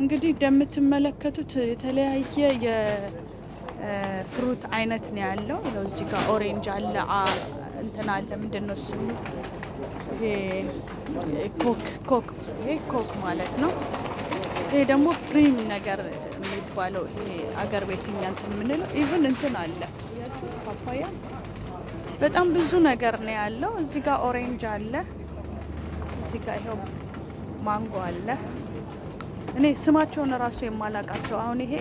እንግዲህ እንደምትመለከቱት የተለያየ የፍሩት አይነት ነው ያለው። ያው እዚህ ጋር ኦሬንጅ አለ፣ እንትን አለ። ምንድን ነው ስሙ? ኮክ ኮክ፣ ይሄ ኮክ ማለት ነው። ይሄ ደግሞ ፕሪም ነገር የሚባለው ይሄ አገር ቤትኛ እንትን የምንለው ኢቭን እንትን አለ ፓፓያ። በጣም ብዙ ነገር ነው ያለው። እዚህ ጋር ኦሬንጅ አለ፣ እዚህ ጋር ይኸው ማንጎ አለ እኔ ስማቸውን ራሱ የማላቃቸው አሁን ይሄ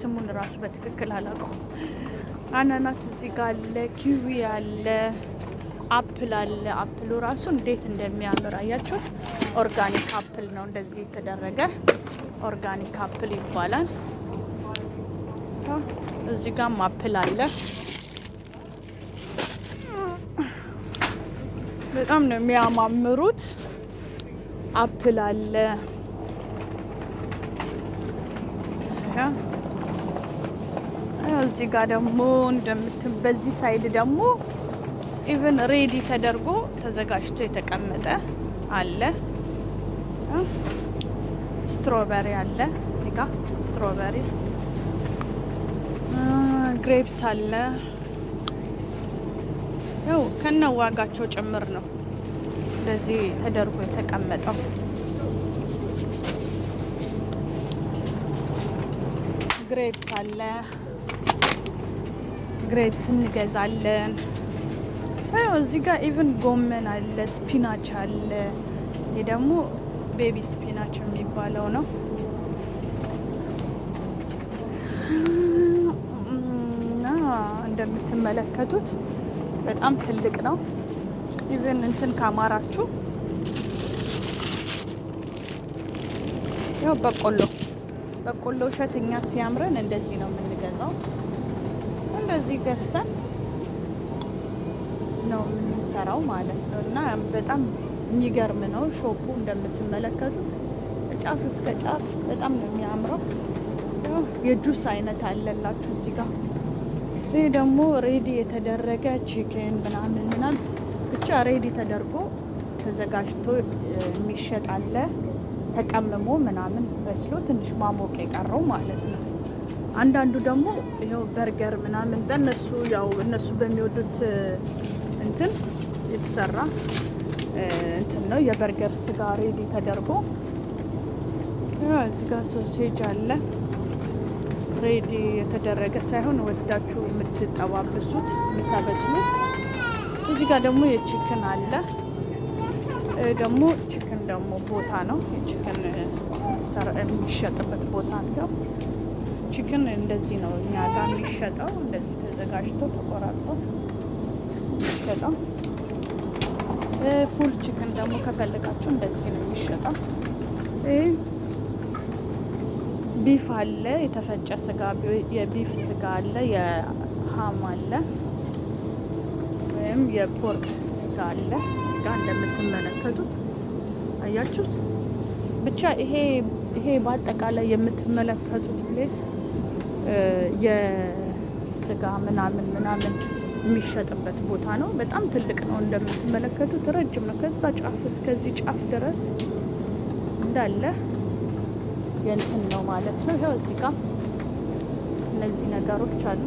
ስሙን ራሱ በትክክል አላውቀው። አናናስ እዚህ ጋ አለ፣ ኪዊ አለ፣ አፕል አለ። አፕሉ ራሱ እንዴት እንደሚያምር አያችሁት። ኦርጋኒክ አፕል ነው እንደዚህ የተደረገ ኦርጋኒክ አፕል ይባላል። እዚህ ጋም አፕል አለ። በጣም ነው የሚያማምሩት። አፕል አለ መናኸሪያ። እዚህ ጋር ደግሞ እንደምትም በዚህ ሳይድ ደግሞ ኢቨን ሬዲ ተደርጎ ተዘጋጅቶ የተቀመጠ አለ። ስትሮበሪ አለ እዚህ ጋር ስትሮበሪ፣ ግሬፕስ አለ። ያው ከነ ዋጋቸው ጭምር ነው እንደዚህ ተደርጎ የተቀመጠው። ግሬፕስ አለ። ግሬፕስ እንገዛለን። እዚህ ጋር ኢቨን ጎመን አለ፣ ስፒናች አለ። ይህ ደግሞ ቤቢ ስፒናች የሚባለው ነው። እና እንደምትመለከቱት በጣም ትልቅ ነው። ኢቨን እንትን ካማራችሁ ያው በቆሎ በቆሎ እሸት እኛ ሲያምረን እንደዚህ ነው የምንገዛው። እንደዚህ ገዝተን ነው የምንሰራው ማለት ነው። እና በጣም የሚገርም ነው ሾፑ እንደምትመለከቱት ጫፍ እስከ ጫፍ በጣም ነው የሚያምረው። የጁስ አይነት አለላችሁ እዚህ ጋር። ይህ ደግሞ ሬዲ የተደረገ ቺክን ምናምን ምናምን ብቻ ሬዲ ተደርጎ ተዘጋጅቶ የሚሸጥ አለ። ተቀምሞ ምናምን በስሎ ትንሽ ማሞቅ የቀረው ማለት ነው። አንዳንዱ ደግሞ ይኸው በርገር ምናምን በእነሱ ያው እነሱ በሚወዱት እንትን የተሰራ እንትን ነው። የበርገር ስጋ ሬዲ ተደርጎ እዚህ ጋር ሶሴጅ አለ። ሬዲ የተደረገ ሳይሆን ወስዳችሁ የምትጠባብሱት የምታበስሉት። እዚህ ጋር ደግሞ የችክን አለ ደግሞ ደግሞ ቦታ ነው። የችክን የሚሸጥበት ቦታ ነው። ቺክን እንደዚህ ነው እኛ ጋር የሚሸጠው፣ እንደዚህ ተዘጋጅቶ ተቆራርጦ የሚሸጠው። ፉል ችክን ደግሞ ከፈለጋችሁ እንደዚህ ነው የሚሸጠው። ቢፍ አለ፣ የተፈጨ ስጋ፣ የቢፍ ስጋ አለ፣ የሃም አለ ወይም የፖርክ ስጋ አለ። ስጋ እንደምትመለከቱት አያችሁት። ብቻ ይሄ ይሄ በአጠቃላይ የምትመለከቱት ፕሌስ የስጋ ምናምን ምናምን የሚሸጥበት ቦታ ነው። በጣም ትልቅ ነው እንደምትመለከቱት፣ ረጅም ነው። ከዛ ጫፍ እስከዚህ ጫፍ ድረስ እንዳለ የእንትን ነው ማለት ነው። ይኸው እዚህ ጋር እነዚህ ነገሮች አሉ።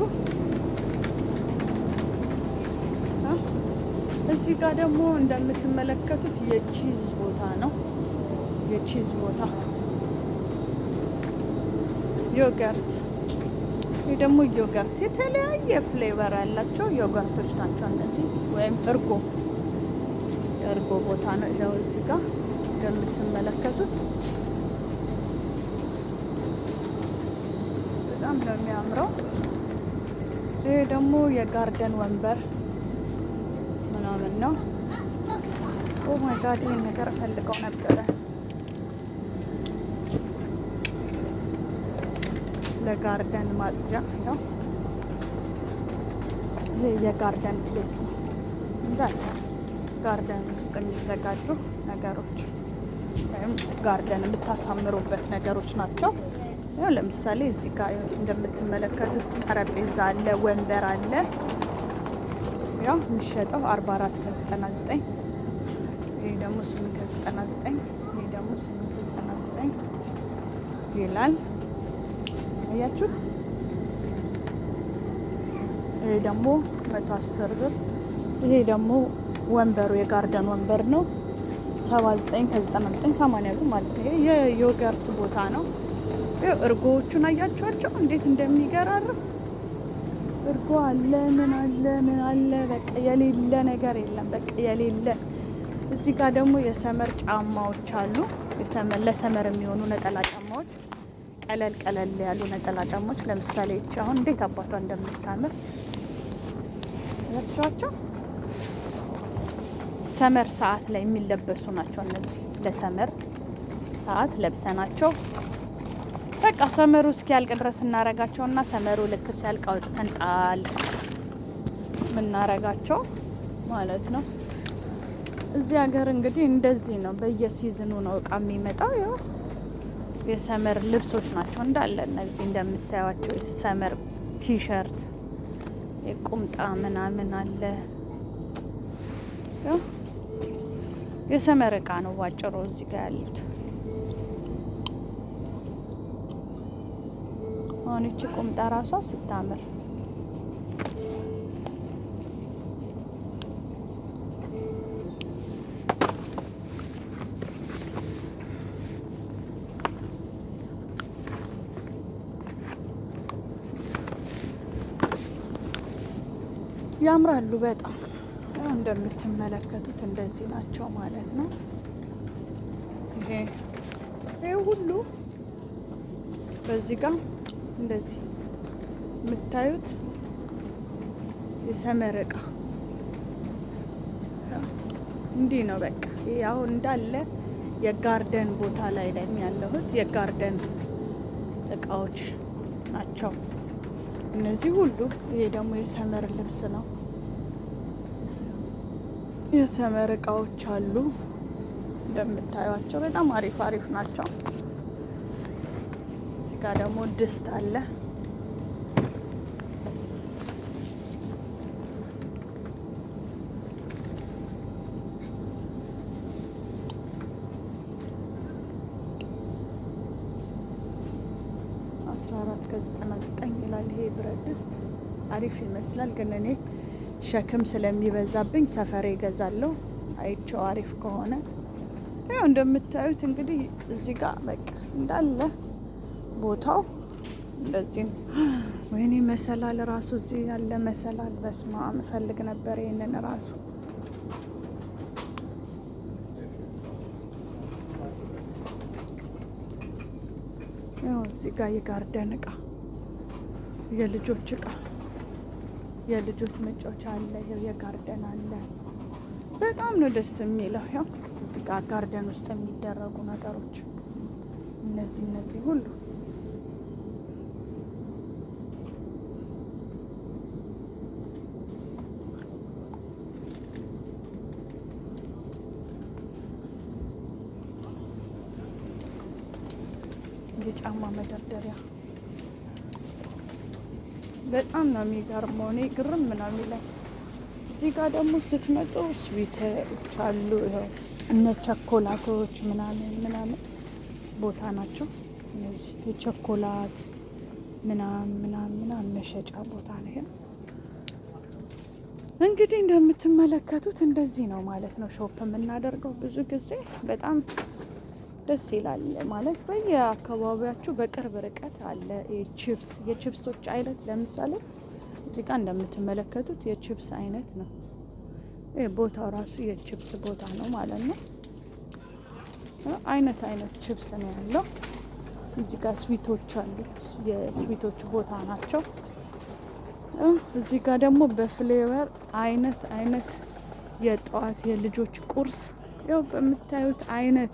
እዚህ ጋር ደግሞ እንደምትመለከቱት የቺዝ ቺዝ ቦታ ዮገርት ይህ ደግሞ ዮገርት የተለያየ ፍሌቨር ያላቸው ዮገርቶች ናቸው እነዚህ። ወይም እርጎ የእርጎ ቦታ ነው። ይኸው እዚህ ጋር እንደምትመለከቱት በጣም ነው የሚያምረው። ይህ ደግሞ የጋርደን ወንበር ምናምን ነው። ኦ ማይ ጋድ ይህን ነገር ፈልገው ነበረ። ለጋርደን ማጽጃ ነው። ይሄ የጋርደን ፕሌስ ነው እንዳለ ጋርደን ውስጥ የሚዘጋጁ ነገሮች ወይም ጋርደን የምታሳምሩበት ነገሮች ናቸው። ያው ለምሳሌ እዚህ ጋር እንደምትመለከቱት ጠረጴዛ አለ፣ ወንበር አለ። ያው የሚሸጠው 44 ከ99 ይሄ ደግሞ 8 ከ99 ይሄ ደግሞ 8 ከ99 ይላል። አያችሁት? ይሄ ደግሞ መቶ ብር። ይሄ ደግሞ ወንበሩ የጋርደን ወንበር ነው 79 ከ99 80 ብር ማለት ነው። የዮገርት ቦታ ነው። እርጎዎቹን አያችኋቸው እንዴት እንደሚገራርም እርጎ አለ ምን አለ ምን አለ፣ በቃ የሌለ ነገር የለም። በቃ የሌለ እዚህ ጋር ደግሞ የሰመር ጫማዎች አሉ። ለሰመር የሚሆኑ ነጠላ ቀለል ቀለል ያሉ ነጠላ ጫማዎች ለምሳሌ እቺ አሁን እንዴት አባቷ እንደምታምር ያቻቸው ሰመር ሰዓት ላይ የሚለበሱ ናቸው። እነዚህ ለሰመር ሰዓት ለብሰናቸው በቃ ሰመሩ እስኪያልቅ ድረስ እና ሰመሩ ልክ ሲያልቅ አውጥተን ጣል የምናረጋቸው ማለት ነው። እዚህ ሀገር እንግዲህ እንደዚህ ነው። በየሲዝኑ ነው እቃ የሚመጣው። የሰመር ልብሶች ናቸው እንዳለ እነዚህ እንደምታዩቸው የሰመር ቲሸርት የቁምጣ ምናምን አለ። የሰመር እቃ ነው ዋጭሮ እዚህ ጋር ያሉት። አሁን ቁምጣ ራሷ ስታምር ያምራሉ በጣም እንደምትመለከቱት እንደዚህ ናቸው ማለት ነው። ይሄ ይሄ ሁሉ በዚህ ጋር እንደዚህ የምታዩት የሰመር እቃ እንዲህ ነው በቃ። ይሄ አሁን እንዳለ የጋርደን ቦታ ላይ ላይ ያለሁት የጋርደን እቃዎች ናቸው እነዚህ ሁሉ። ይሄ ደግሞ የሰመር ልብስ ነው። የሰመር እቃዎች አሉ። እንደምታዩቸው በጣም አሪፍ አሪፍ ናቸው። እዚህ ጋር ደግሞ ድስት አለ። አስራ አራት ከዘጠና ዘጠኝ ይላል ይሄ ብረት ድስት አሪፍ ይመስላል ግን እኔ ሸክም ስለሚበዛብኝ ሰፈሬ እገዛለሁ። አይቼው አሪፍ ከሆነ ያው እንደምታዩት እንግዲህ እዚህ ጋር በቃ እንዳለ ቦታው እንደዚህ ነው። ወይኔ መሰላል ራሱ እዚህ ያለ መሰላል በስማ እፈልግ ነበር ይህንን ራሱ ያው እዚህ ጋር የጋርደን እቃ የልጆች እቃ የልጆች መጫወቻ አለ፣ ይኸው የጋርደን አለ። በጣም ነው ደስ የሚለው። ያው እዚህ ጋር ጋርደን ውስጥ የሚደረጉ ነገሮች እነዚህ እነዚህ ሁሉ የጫማ መደርደሪያ በጣም ነው የሚገርመው። እኔ ግርም ነው የሚለኝ። እዚህ ጋር ደግሞ ስትመጡ ስዊቶች አሉ፣ ይኸው እነ ቸኮላቶች ምናምን ምናምን ቦታ ናቸው። እነዚህ የቸኮላት ምናምን ምናምን ምናምን መሸጫ ቦታ ነው። ይሄ። እንግዲህ እንደምትመለከቱት እንደዚህ ነው ማለት ነው ሾፕ የምናደርገው ብዙ ጊዜ በጣም ደስ ይላል ማለት በየአካባቢያችሁ በቅርብ ርቀት አለ። ቺፕስ የቺፕሶች አይነት ለምሳሌ እዚህ ጋር እንደምትመለከቱት የቺፕስ አይነት ነው። ቦታው ራሱ የቺፕስ ቦታ ነው ማለት ነው። አይነት አይነት ቺፕስ ነው ያለው። እዚህ ጋር ስዊቶች አሉ። የስዊቶች ቦታ ናቸው። እዚህ ጋር ደግሞ በፍሌቨር አይነት አይነት የጠዋት የልጆች ቁርስ ያው በምታዩት አይነት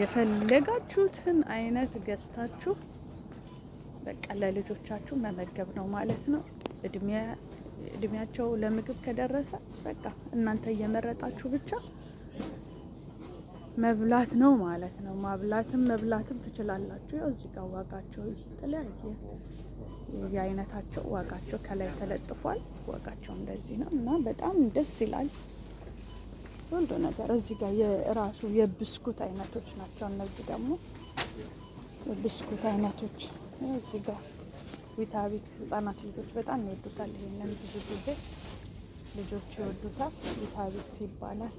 የፈለጋችሁትን አይነት ገዝታችሁ በቃ ለልጆቻችሁ መመገብ ነው ማለት ነው። እድሜያቸው ለምግብ ከደረሰ በቃ እናንተ እየመረጣችሁ ብቻ መብላት ነው ማለት ነው። ማብላትም መብላትም ትችላላችሁ። ያው እዚህ ጋር ዋጋቸው የተለያየ የአይነታቸው ዋጋቸው ከላይ ተለጥፏል። ዋጋቸው እንደዚህ ነው እና በጣም ደስ ይላል። ቆንጆ ነገር እዚህ ጋር የራሱ የብስኩት አይነቶች ናቸው። እነዚህ ደግሞ የብስኩት አይነቶች እዚህ ጋር ዊታቢክስ ህጻናት ልጆች በጣም ይወዱታል። ይሄንን ብዙ ጊዜ ልጆች ይወዱታል። ዊታቢክስ ይባላል።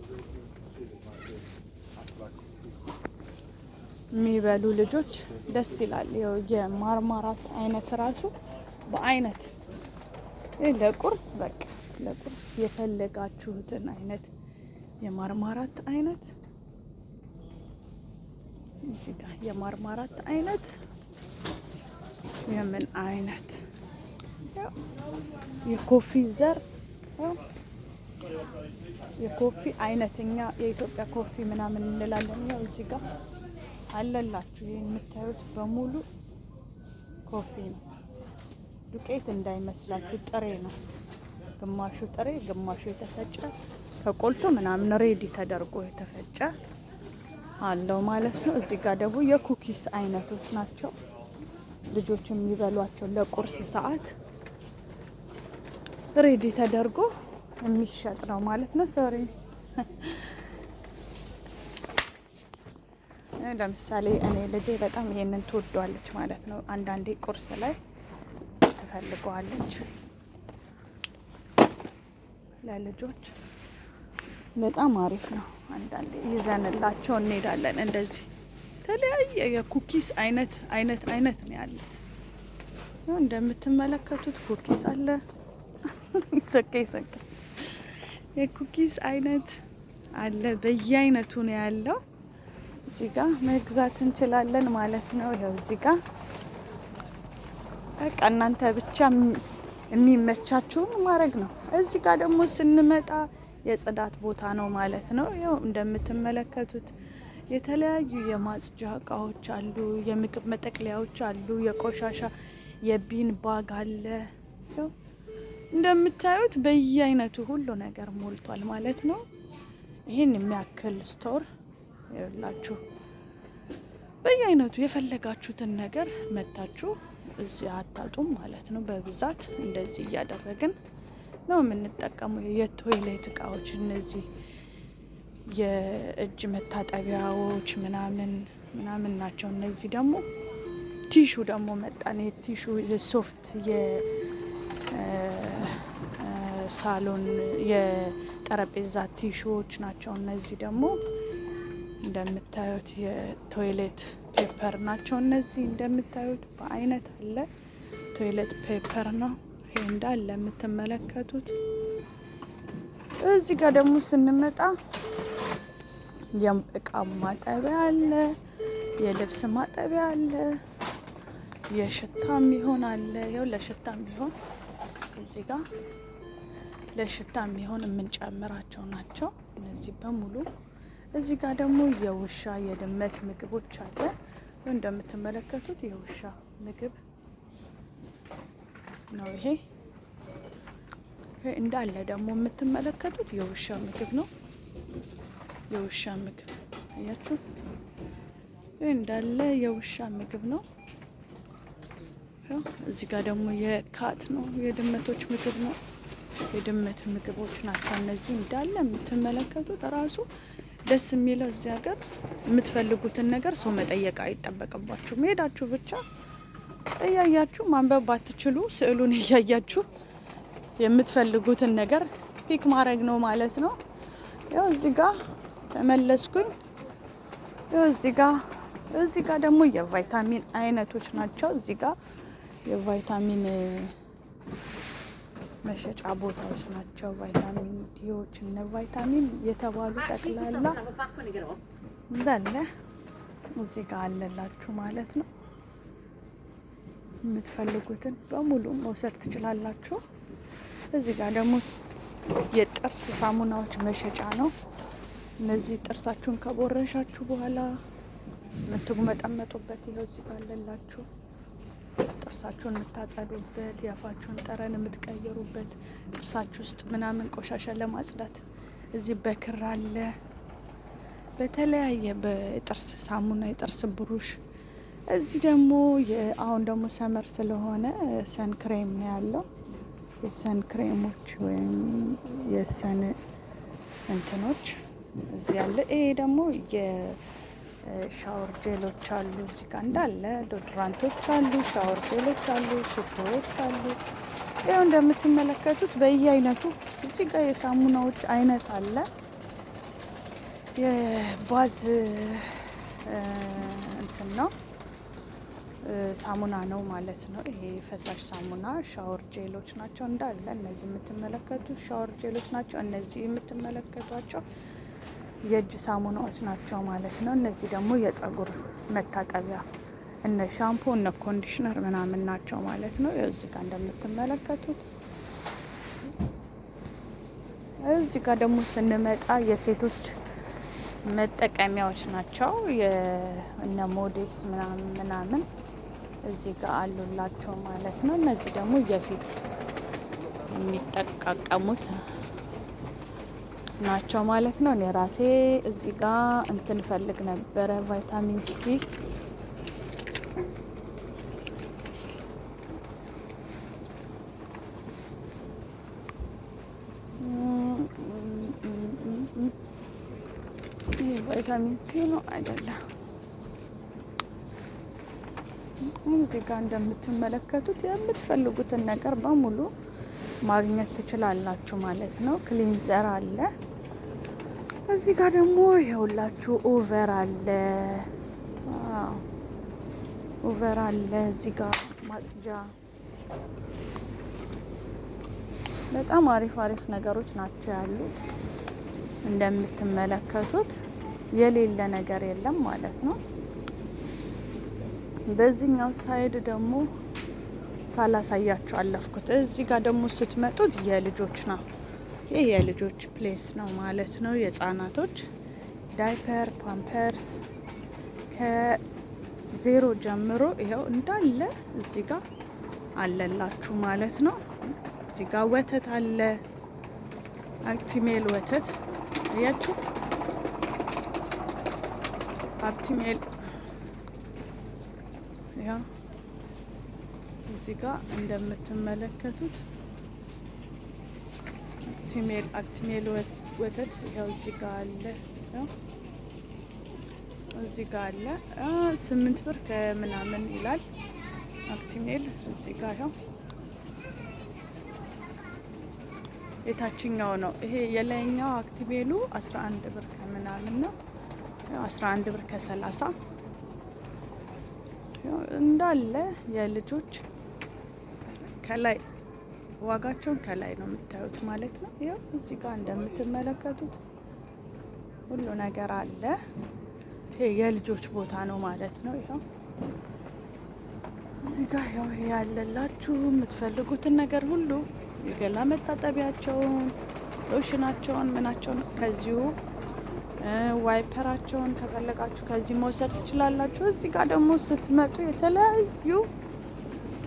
የሚበሉ ልጆች ደስ ይላል። የማርማራት አይነት ራሱ በአይነት ለቁርስ በቃ ለቁርስ የፈለጋችሁትን አይነት የማርማራት አይነት እዚህ ጋር የማርማራት አይነት የምን አይነት የኮፊ ዘር የኮፊ አይነት እኛ የኢትዮጵያ ኮፊ ምናምን እንላለን። ያው እዚህ ጋር አለላችሁ። ይህ የምታዩት በሙሉ ኮፊ ነው። ዱቄት እንዳይመስላችሁ ጥሬ ነው። ግማሹ ጥሬ፣ ግማሹ የተፈጨ ተቆልቶ ምናምን ሬዲ ተደርጎ የተፈጨ አለው ማለት ነው። እዚህ ጋር ደግሞ የኩኪስ አይነቶች ናቸው ልጆች የሚበሏቸው ለቁርስ ሰዓት ሬዲ ተደርጎ የሚሸጥ ነው ማለት ነው። ሶሪ ለምሳሌ እኔ ልጄ በጣም ይሄንን ትወደዋለች ማለት ነው። አንዳንዴ ቁርስ ላይ ትፈልገዋለች ለልጆች በጣም አሪፍ ነው። አንዳንዴ ይዘንላቸው እንሄዳለን። እንደዚህ የተለያየ የኩኪስ አይነት አይነት አይነት ነው ያለ። እንደምትመለከቱት ኩኪስ አለ። ሰከ ሰከ የኩኪስ አይነት አለ። በየአይነቱ ነው ያለው። እዚህ ጋር መግዛት እንችላለን ማለት ነው። ያው እዚህ ጋር በቃ እናንተ ብቻ የሚመቻችሁን ማድረግ ነው። እዚህ ጋር ደግሞ ስንመጣ የጽዳት ቦታ ነው ማለት ነው። ያው እንደምትመለከቱት የተለያዩ የማጽጃ እቃዎች አሉ፣ የምግብ መጠቅለያዎች አሉ፣ የቆሻሻ የቢን ባግ አለ። ያው እንደምታዩት በየአይነቱ ሁሉ ነገር ሞልቷል ማለት ነው። ይህን የሚያክል ስቶር ይላችሁ በየአይነቱ የፈለጋችሁትን ነገር መታችሁ እዚ አታጡም ማለት ነው። በብዛት እንደዚህ እያደረግን ነው የምንጠቀመው የቶይሌት እቃዎች እነዚህ የእጅ መታጠቢያዎች ምናምን ምናምን ናቸው። እነዚህ ደግሞ ቲሹ ደግሞ መጣን። የቲሹ ሶፍት የሳሎን የጠረጴዛ ቲሹዎች ናቸው። እነዚህ ደግሞ እንደምታዩት የቶይሌት ፔፐር ናቸው። እነዚህ እንደምታዩት በአይነት አለ። ቶይሌት ፔፐር ነው። ይሄ እንዳለ የምትመለከቱት። እዚህ ጋር ደግሞ ስንመጣ የእቃ ማጠቢያ አለ፣ የልብስ ማጠቢያ አለ፣ የሽታም ይሆን አለ። ይኸው ለሽታም ይሆን እዚህ ጋር ለሽታም ቢሆን የምንጨምራቸው ናቸው እነዚህ በሙሉ። እዚህ ጋር ደግሞ የውሻ የድመት ምግቦች አለ። እንደምትመለከቱት የውሻ ምግብ ነው ይሄ። እንዳለ ደግሞ የምትመለከቱት የውሻ ምግብ ነው። የውሻ ምግብ አያችሁ፣ እንዳለ የውሻ ምግብ ነው። እዚህ ጋር ደግሞ የካት ነው፣ የድመቶች ምግብ ነው። የድመት ምግቦች ናቸው እነዚህ እንዳለ የምትመለከቱት። ራሱ ደስ የሚለው እዚህ ሀገር የምትፈልጉትን ነገር ሰው መጠየቅ አይጠበቅባችሁ መሄዳችሁ ብቻ እያያችሁ ማንበብ ባትችሉ ስዕሉን እያያችሁ የምትፈልጉትን ነገር ፒክ ማድረግ ነው ማለት ነው። ያው እዚህ ጋር ተመለስኩኝ። ያው እዚህ ጋር እዚህ ጋር ደግሞ የቫይታሚን አይነቶች ናቸው። እዚህ ጋር የቫይታሚን መሸጫ ቦታዎች ናቸው። ቫይታሚን ዲዎች እነ ቫይታሚን የተባሉ ጠቅላላ እንዳለ እዚህ ጋር አለላችሁ ማለት ነው። የምትፈልጉትን በሙሉ መውሰድ ትችላላችሁ። እዚህ ጋር ደግሞ የጥርስ ሳሙናዎች መሸጫ ነው። እነዚህ ጥርሳችሁን ከቦረሻችሁ በኋላ የምትጉመጠመጡበት ይኸው እዚህ ጋር አለላችሁ። ጥርሳችሁን የምታጸዱበት፣ የአፋችሁን ጠረን የምትቀይሩበት፣ ጥርሳችሁ ውስጥ ምናምን ቆሻሻ ለማጽዳት እዚህ በክር አለ። በተለያየ በጥርስ ሳሙና የጥርስ ብሩሽ እዚህ ደግሞ አሁን ደግሞ ሰመር ስለሆነ ሰን ክሬም ነው ያለው። የሰን ክሬሞች ወይም የሰን እንትኖች እዚህ ያለ። ይሄ ደግሞ የሻወር ጄሎች አሉ እዚህ ጋር እንዳለ ዶድራንቶች አሉ፣ ሻወር ጄሎች አሉ፣ ሽቶዎች አሉ። ያው እንደምትመለከቱት በየአይነቱ እዚህ ጋር የሳሙናዎች አይነት አለ። የባዝ እንትን ነው ሳሙና ነው ማለት ነው። ይሄ ፈሳሽ ሳሙና ሻወር ጄሎች ናቸው እንዳለ እነዚህ የምትመለከቱ ሻወር ጄሎች ናቸው። እነዚህ የምትመለከቷቸው የእጅ ሳሙናዎች ናቸው ማለት ነው። እነዚህ ደግሞ የጸጉር መታጠቢያ እነ ሻምፖ እነ ኮንዲሽነር ምናምን ናቸው ማለት ነው። እዚህ ጋር እንደምትመለከቱት እዚህ ጋር ደግሞ ስንመጣ የሴቶች መጠቀሚያዎች ናቸው። እነ ሞዴስ ምናምን ምናምን እዚህ ጋር አሉላቸው ማለት ነው። እነዚህ ደግሞ የፊት የሚጠቃቀሙት ናቸው ማለት ነው። እኔ ራሴ እዚህ ጋር እንትን ፈልግ ነበረ ቫይታሚን ሲ ቫይታሚን ሲ ነው አይደለም እዚህ ጋር እንደምትመለከቱት የምትፈልጉትን ነገር በሙሉ ማግኘት ትችላላችሁ ማለት ነው። ክሊንዘር አለ። እዚህ ጋር ደግሞ ይኸውላችሁ ኦቨር አለ፣ ኦቨር አለ። እዚህ ጋር ማጽጃ በጣም አሪፍ አሪፍ ነገሮች ናቸው ያሉት። እንደምትመለከቱት የሌለ ነገር የለም ማለት ነው። በዚህኛው ሳይድ ደግሞ ሳላሳያችሁ አለፍኩት። እዚህ ጋር ደግሞ ስትመጡት የልጆች ነው። ይህ የልጆች ፕሌስ ነው ማለት ነው። የህጻናቶች ዳይፐር ፓምፐርስ ከዜሮ ጀምሮ ይኸው እንዳለ እዚህ ጋር አለላችሁ ማለት ነው። እዚህ ጋር ወተት አለ፣ አክቲሜል ወተት እያችሁ አክቲሜል ይኸው እዚህ ጋር እንደምትመለከቱት አክቲሜል አክቲሜል ወተት ይኸው እዚህ ጋር አለ። እዚህ ጋር አለ ስምንት ብር ከምናምን ይላል አክቲሜል። እዚህ ጋር ይኸው የታችኛው ነው ይሄ የላይኛው አክቲሜሉ 11 ብር ከምናምን ነው 11 ብር ከ30 እንዳለ የልጆች ከላይ ዋጋቸውን ከላይ ነው የምታዩት ማለት ነው። ያው እዚህ ጋር እንደምትመለከቱት ሁሉ ነገር አለ። ይሄ የልጆች ቦታ ነው ማለት ነው። ያው እዚህ ጋር ያው ያለላችሁ የምትፈልጉትን ነገር ሁሉ የገላ መታጠቢያቸውን፣ ሎሽናቸውን፣ ምናቸውን ከዚሁ ዋይፐራቸውን ከፈለጋችሁ ከዚህ መውሰድ ትችላላችሁ። እዚህ ጋር ደግሞ ስትመጡ የተለያዩ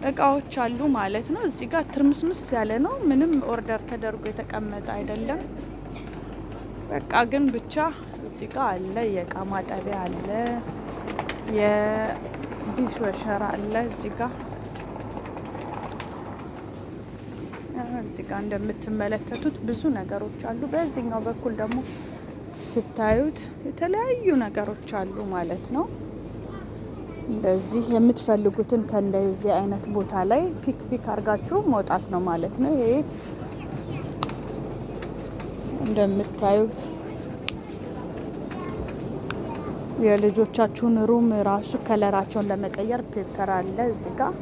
እቃዎች አሉ ማለት ነው። እዚህ ጋር ትርምስምስ ያለ ነው። ምንም ኦርደር ተደርጎ የተቀመጠ አይደለም። በቃ ግን ብቻ እዚህ ጋር አለ። የእቃ ማጠቢያ አለ። የዲሽ ወሸር አለ እዚህ ጋር እዚህ ጋር እንደምትመለከቱት ብዙ ነገሮች አሉ። በዚህኛው በኩል ደግሞ ስታዩት የተለያዩ ነገሮች አሉ ማለት ነው። እንደዚህ የምትፈልጉትን ከእንደዚህ አይነት ቦታ ላይ ፒክ ፒክ አድርጋችሁ መውጣት ነው ማለት ነው። ይሄ እንደምታዩት የልጆቻችሁን ሩም ራሱ ከለራቸውን ለመቀየር ፔፐር አለ እዚህ ጋር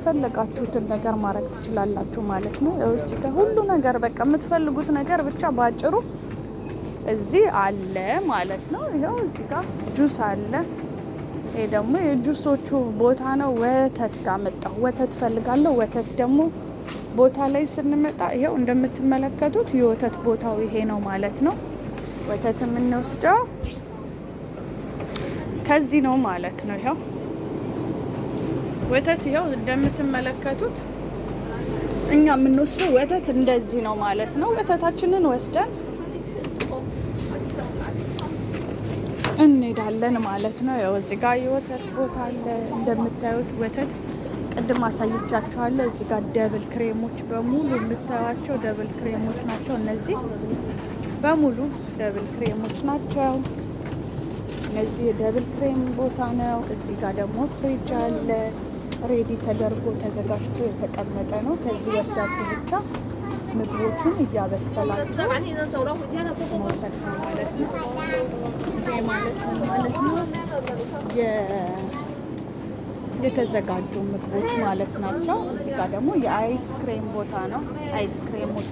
የፈለጋችሁትን ነገር ማድረግ ትችላላችሁ ማለት ነው። እዚህ ከሁሉ ነገር በቃ የምትፈልጉት ነገር ብቻ ባጭሩ እዚህ አለ ማለት ነው። ይኸው እዚ ጋር ጁስ አለ። ይሄ ደግሞ የጁሶቹ ቦታ ነው። ወተት ጋር መጣሁ። ወተት ፈልጋለሁ። ወተት ደግሞ ቦታ ላይ ስንመጣ ይኸው እንደምትመለከቱት የወተት ቦታው ይሄ ነው ማለት ነው። ወተት የምንወስደው ከዚህ ነው ማለት ነው። ይኸው ወተት ይኸው እንደምትመለከቱት እኛ የምንወስደው ወተት እንደዚህ ነው ማለት ነው። ወተታችንን ወስደን እንሄዳለን ማለት ነው። ያው እዚህ ጋር የወተት ቦታ አለ እንደምታዩት ወተት ቅድም አሳይቻችኋለሁ። እዚህ ጋር ደብል ክሬሞች በሙሉ የምታዩቸው ደብል ክሬሞች ናቸው። እነዚህ በሙሉ ደብል ክሬሞች ናቸው። እነዚህ የደብል ክሬም ቦታ ነው። እዚህ ጋር ደግሞ ፍሪጅ አለ። ሬዲ ተደርጎ ተዘጋጅቶ የተቀመጠ ነው። ከዚህ ወስዳችሁ ብቻ ምግቦቹን እያበሰላችሁ መውሰድ ማለት ነው ማለት ነው የተዘጋጁ ምግቦች ማለት ናቸው። እዚህ ጋር ደግሞ የአይስክሬም ቦታ ነው። አይስክሬሞች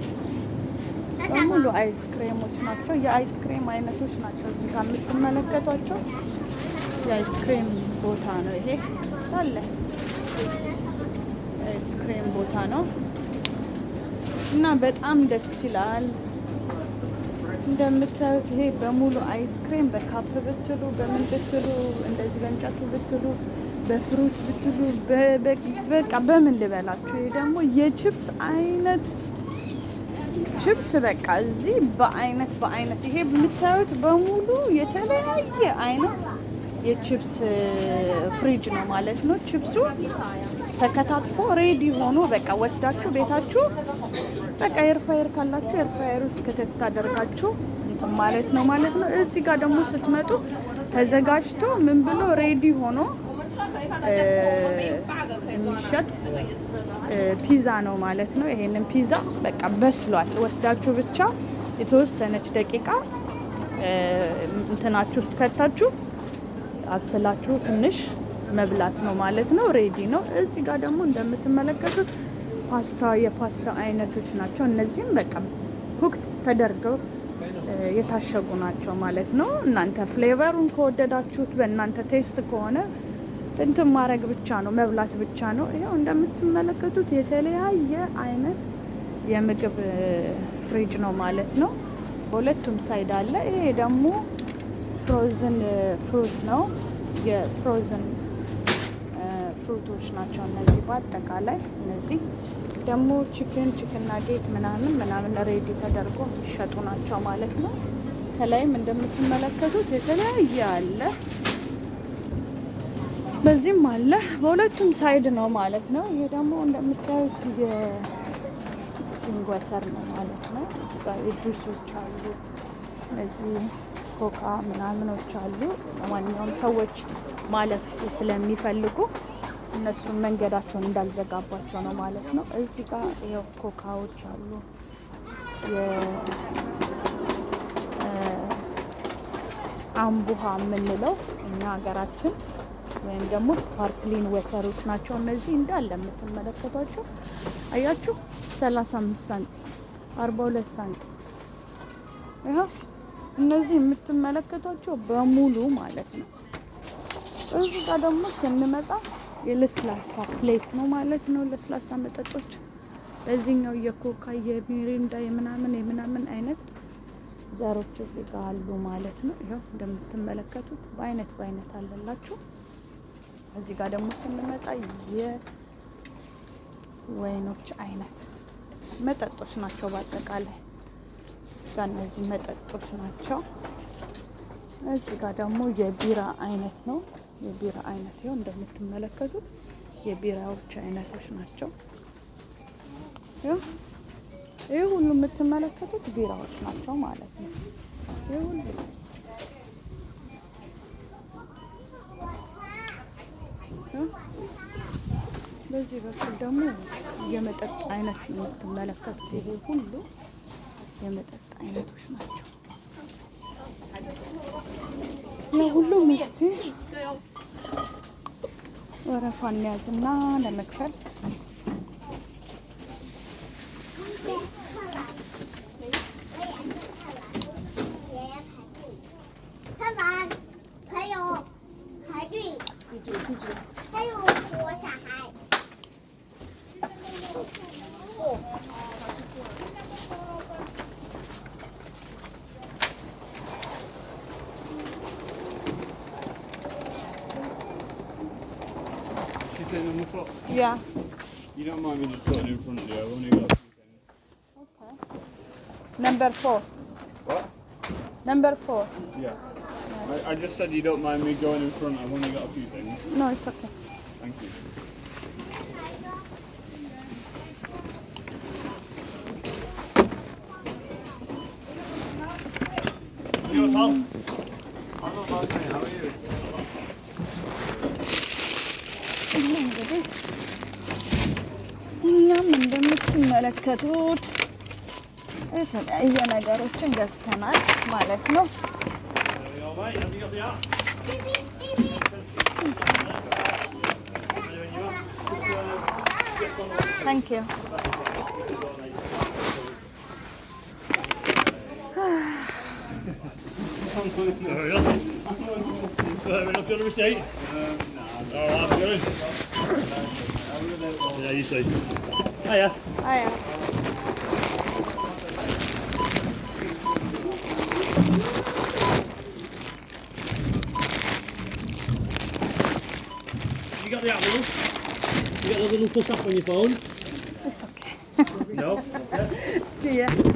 በሙሉ አይስክሬሞች ናቸው። የአይስክሬም አይነቶች ናቸው እዚህ ጋር የምትመለከቷቸው። የአይስክሬም ቦታ ነው ይሄ አለ አይስክሬም ቦታ ነው እና በጣም ደስ ይላል። እንደምታዩት ይሄ በሙሉ አይስክሬም በካፕ ብትሉ በምን ብትሉ እንደዚህ በእንጨቱ ብትሉ በፍሩት ብትሉ በቃ በምን ልበላችሁ። ይሄ ደግሞ የችፕስ አይነት ችፕስ በቃ እዚህ በአይነት በአይነት ይሄ የምታዩት በሙሉ የተለያየ አይነት የቺፕስ ፍሪጅ ነው ማለት ነው። ቺፕሱ ተከታትፎ ሬዲ ሆኖ በቃ ወስዳችሁ ቤታችሁ በቃ ኤርፋየር ካላችሁ ኤርፋየር ውስጥ ክትት ታደርጋችሁ እንትን ማለት ነው ማለት ነው። እዚህ ጋር ደግሞ ስትመጡ ተዘጋጅቶ ምን ብሎ ሬዲ ሆኖ የሚሸጥ ፒዛ ነው ማለት ነው። ይሄንን ፒዛ በቃ በስሏል ወስዳችሁ ብቻ የተወሰነች ደቂቃ እንትናችሁ ውስጥ አብስላችሁ ትንሽ መብላት ነው ማለት ነው። ሬዲ ነው። እዚህ ጋር ደግሞ እንደምትመለከቱት ፓስታ፣ የፓስታ አይነቶች ናቸው። እነዚህም በቃ ሁክት ተደርገው የታሸጉ ናቸው ማለት ነው። እናንተ ፍሌቨሩን ከወደዳችሁት በእናንተ ቴስት ከሆነ እንትን ማድረግ ብቻ ነው መብላት ብቻ ነው። ይኸው እንደምትመለከቱት የተለያየ አይነት የምግብ ፍሪጅ ነው ማለት ነው። በሁለቱም ሳይድ አለ። ይሄ ደግሞ ፍሮዝን ፍሩት ነው። የፍሮዝን ፍሩቶች ናቸው እነዚህ። በአጠቃላይ እነዚህ ደግሞ ችክን ቺክን ናጌት ምናምን ምናምን ሬዲ ተደርጎ የሚሸጡ ናቸው ማለት ነው። ከላይም እንደምትመለከቱት የተለያየ አለ፣ በዚህም አለ፣ በሁለቱም ሳይድ ነው ማለት ነው። ይሄ ደግሞ እንደምታዩት የስፕሪንግ ወተር ነው ማለት ነው። እዚህ ጋር የጁሶች አሉ እነዚህ ኮካ ምናምኖች አሉ። ማንኛውም ሰዎች ማለፍ ስለሚፈልጉ እነሱን መንገዳቸውን እንዳልዘጋባቸው ነው ማለት ነው። እዚህ ጋር ኮካዎች አሉ። አምቡሃ የምንለው እኛ ሀገራችን ወይም ደግሞ ስፓርክሊን ወተሮች ናቸው እነዚህ እንዳለ የምትመለከቷቸው አያችሁ፣ 35 ሳንቲም 42 ሳንቲም እነዚህ የምትመለከቷቸው በሙሉ ማለት ነው። እዚህ ጋር ደግሞ ስንመጣ የለስላሳ ፕሌስ ነው ማለት ነው። ለስላሳ መጠጦች በዚህኛው የኮካ የሚሪንዳ የምናምን የምናምን አይነት ዘሮች እዚህ ጋር አሉ ማለት ነው። ይኸው እንደምትመለከቱት በአይነት በአይነት አለላችሁ። እዚህ ጋር ደግሞ ስንመጣ የወይኖች አይነት መጠጦች ናቸው በአጠቃላይ ጋር እነዚህ መጠጦች ናቸው። እዚህ ጋር ደግሞ የቢራ አይነት ነው። የቢራ አይነት ይኸው እንደምትመለከቱት የቢራዎች አይነቶች ናቸው። ይህ ሁሉ የምትመለከቱት ቢራዎች ናቸው ማለት ነው። ይህ ሁሉ በዚህ በኩል ደግሞ የመጠጥ አይነት የምትመለከቱት ይሄ ሁሉ የመጠጥ ለሁሉም እስቲ ወረፋ እንያዝና ለመክፈል 还有。Yeah. You don't mind me just putting in front of you. I've only got Okay. Number four. What? Number four. Yeah. I, I just said you don't mind me going in front. I've only got a few things. No, it's okay. Thank you. እንደምትመለከቱት የተለያየ ነገሮችን ገዝተናል ማለት ነው። ታንኪዩ Ayan. You got the apple? You got the little push up on your phone? It's okay. no? Okay. yeah.